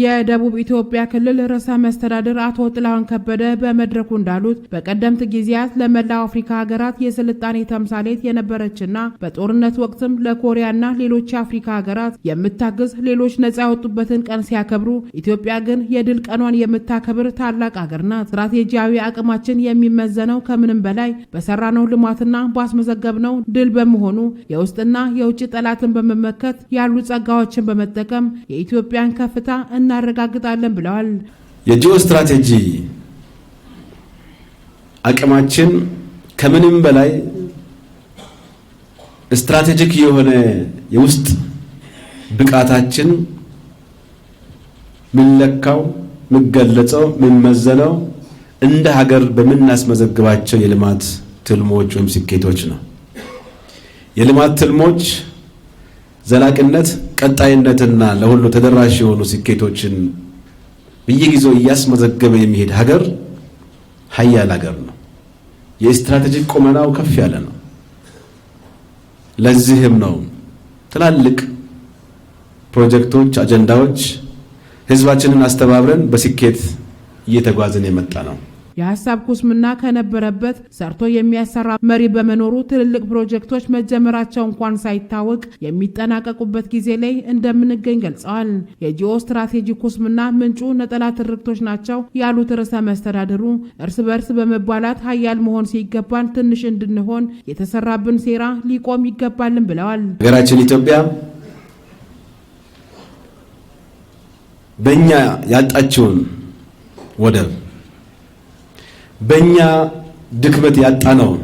የደቡብ ኢትዮጵያ ክልል ርዕሰ መስተዳድር አቶ ጥላሁን ከበደ በመድረኩ እንዳሉት በቀደምት ጊዜያት ለመላው አፍሪካ ሀገራት የስልጣኔ ተምሳሌት የነበረችና በጦርነት ወቅትም ለኮሪያና ሌሎች የአፍሪካ ሀገራት የምታግዝ ሌሎች ነፃ ያወጡበትን ቀን ሲያከብሩ፣ ኢትዮጵያ ግን የድል ቀኗን የምታከብር ታላቅ ሀገር ናት። ስትራቴጂያዊ አቅማችን የሚመዘነው ከምንም በላይ በሰራነው ልማትና ባስመዘገብነው ድል በመሆኑ የውስጥና የውጭ ጠላትን በመመከት ያሉ ጸጋዎችን በመጠቀም የኢትዮጵያን ከፍታ እናረጋግጣለን ብለዋል። የጂኦ ስትራቴጂ አቅማችን ከምንም በላይ ስትራቴጂክ የሆነ የውስጥ ብቃታችን ምንለካው ምገለጸው ምንመዘነው እንደ ሀገር በምናስመዘግባቸው የልማት ትልሞች ወይም ስኬቶች ነው። የልማት ትልሞች ዘላቂነት፣ ቀጣይነትና ለሁሉ ተደራሽ የሆኑ ስኬቶችን በየጊዜው እያስመዘገበ የሚሄድ ሀገር ሀያል ሀገር ነው። የስትራቴጂክ ቁመናው ከፍ ያለ ነው። ለዚህም ነው ትላልቅ ፕሮጀክቶች፣ አጀንዳዎች ህዝባችንን አስተባብረን በስኬት እየተጓዝን የመጣ ነው። የሀሳብ ኩስምና ከነበረበት ሰርቶ የሚያሰራ መሪ በመኖሩ ትልልቅ ፕሮጀክቶች መጀመራቸው እንኳን ሳይታወቅ የሚጠናቀቁበት ጊዜ ላይ እንደምንገኝ ገልጸዋል። የጂኦ ስትራቴጂ ኩስምና ምንጩ ነጠላ ትርክቶች ናቸው ያሉት ርዕሰ መስተዳድሩ እርስ በርስ በመባላት ሀያል መሆን ሲገባን ትንሽ እንድንሆን የተሰራብን ሴራ ሊቆም ይገባልን ብለዋል። ሀገራችን ኢትዮጵያ በእኛ ያጣችውን ወደብ በእኛ ድክመት ያጣነውን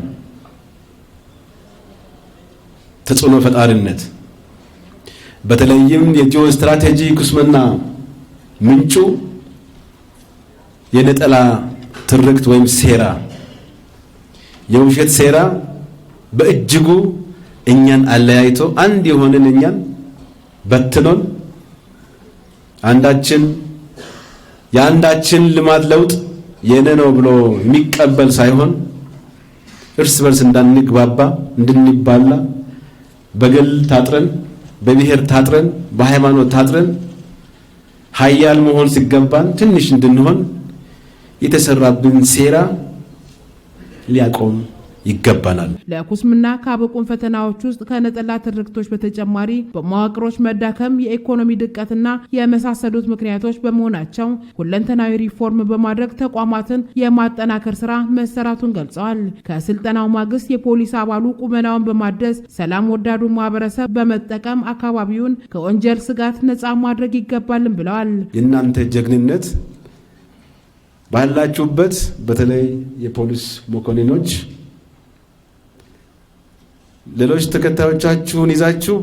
ተጽዕኖ ፈጣሪነት በተለይም የጂኦ ስትራቴጂ ኩስመና ምንጩ የነጠላ ትርክት ወይም ሴራ፣ የውሸት ሴራ በእጅጉ እኛን አለያይቶ አንድ የሆንን እኛን በትኖን አንዳችን የአንዳችን ልማት ለውጥ የእኔ ነው ብሎ የሚቀበል ሳይሆን እርስ በርስ እንዳንግባባ እንድንባላ በግል ታጥረን በብሔር ታጥረን በሃይማኖት ታጥረን ሀያል መሆን ሲገባን ትንሽ እንድንሆን የተሰራብን ሴራ ሊያቆም ይገባናል። ለኩስምና ካበቁን ፈተናዎች ውስጥ ከነጠላ ትርክቶች በተጨማሪ በመዋቅሮች መዳከም፣ የኢኮኖሚ ድቀትና የመሳሰሉት ምክንያቶች በመሆናቸው ሁለንተናዊ ሪፎርም በማድረግ ተቋማትን የማጠናከር ስራ መሰራቱን ገልጸዋል። ከስልጠናው ማግስት የፖሊስ አባሉ ቁመናውን በማደስ ሰላም ወዳዱ ማህበረሰብ በመጠቀም አካባቢውን ከወንጀል ስጋት ነፃ ማድረግ ይገባልን ብለዋል። የእናንተ ጀግንነት ባላችሁበት በተለይ የፖሊስ መኮንኖች ሌሎች ተከታዮቻችሁን ይዛችሁ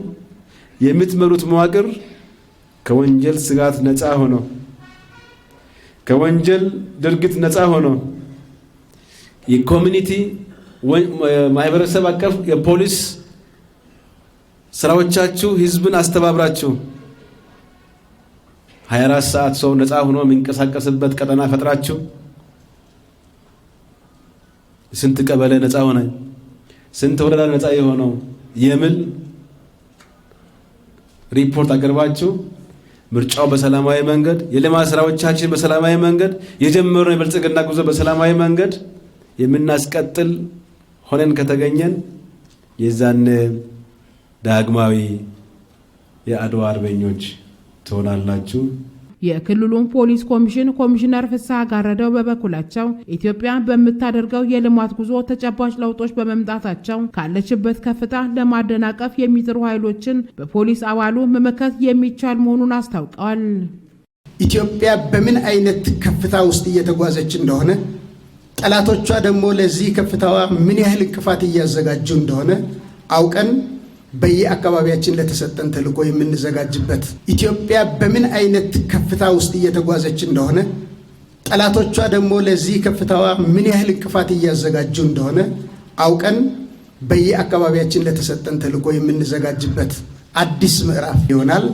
የምትመሩት መዋቅር ከወንጀል ስጋት ነፃ ሆኖ ከወንጀል ድርጊት ነፃ ሆኖ የኮሚኒቲ ማህበረሰብ አቀፍ የፖሊስ ስራዎቻችሁ ህዝብን አስተባብራችሁ 24 ሰዓት ሰው ነፃ ሆኖ የሚንቀሳቀስበት ቀጠና ፈጥራችሁ ስንት ቀበሌ ነፃ ሆነ? ስንት ወረዳ ነፃ የሆነው የሚል ሪፖርት አቅርባችሁ ምርጫው በሰላማዊ መንገድ የልማት ስራዎቻችን በሰላማዊ መንገድ የጀመረው የብልጽግና ጉዞ በሰላማዊ መንገድ የምናስቀጥል ሆነን ከተገኘን የዛን ዳግማዊ የአድዋ አርበኞች ትሆናላችሁ። የክልሉን ፖሊስ ኮሚሽን ኮሚሽነር ፍስሐ ጋረደው በበኩላቸው ኢትዮጵያ በምታደርገው የልማት ጉዞ ተጨባጭ ለውጦች በመምጣታቸው ካለችበት ከፍታ ለማደናቀፍ የሚጥሩ ኃይሎችን በፖሊስ አባሉ መመከት የሚቻል መሆኑን አስታውቀዋል። ኢትዮጵያ በምን አይነት ከፍታ ውስጥ እየተጓዘች እንደሆነ፣ ጠላቶቿ ደግሞ ለዚህ ከፍታዋ ምን ያህል እንቅፋት እያዘጋጁ እንደሆነ አውቀን በየአካባቢያችን ለተሰጠን ተልዕኮ የምንዘጋጅበት ኢትዮጵያ በምን አይነት ከፍታ ውስጥ እየተጓዘች እንደሆነ ጠላቶቿ ደግሞ ለዚህ ከፍታዋ ምን ያህል እንቅፋት እያዘጋጁ እንደሆነ አውቀን በየአካባቢያችን ለተሰጠን ተልዕኮ የምንዘጋጅበት አዲስ ምዕራፍ ይሆናል።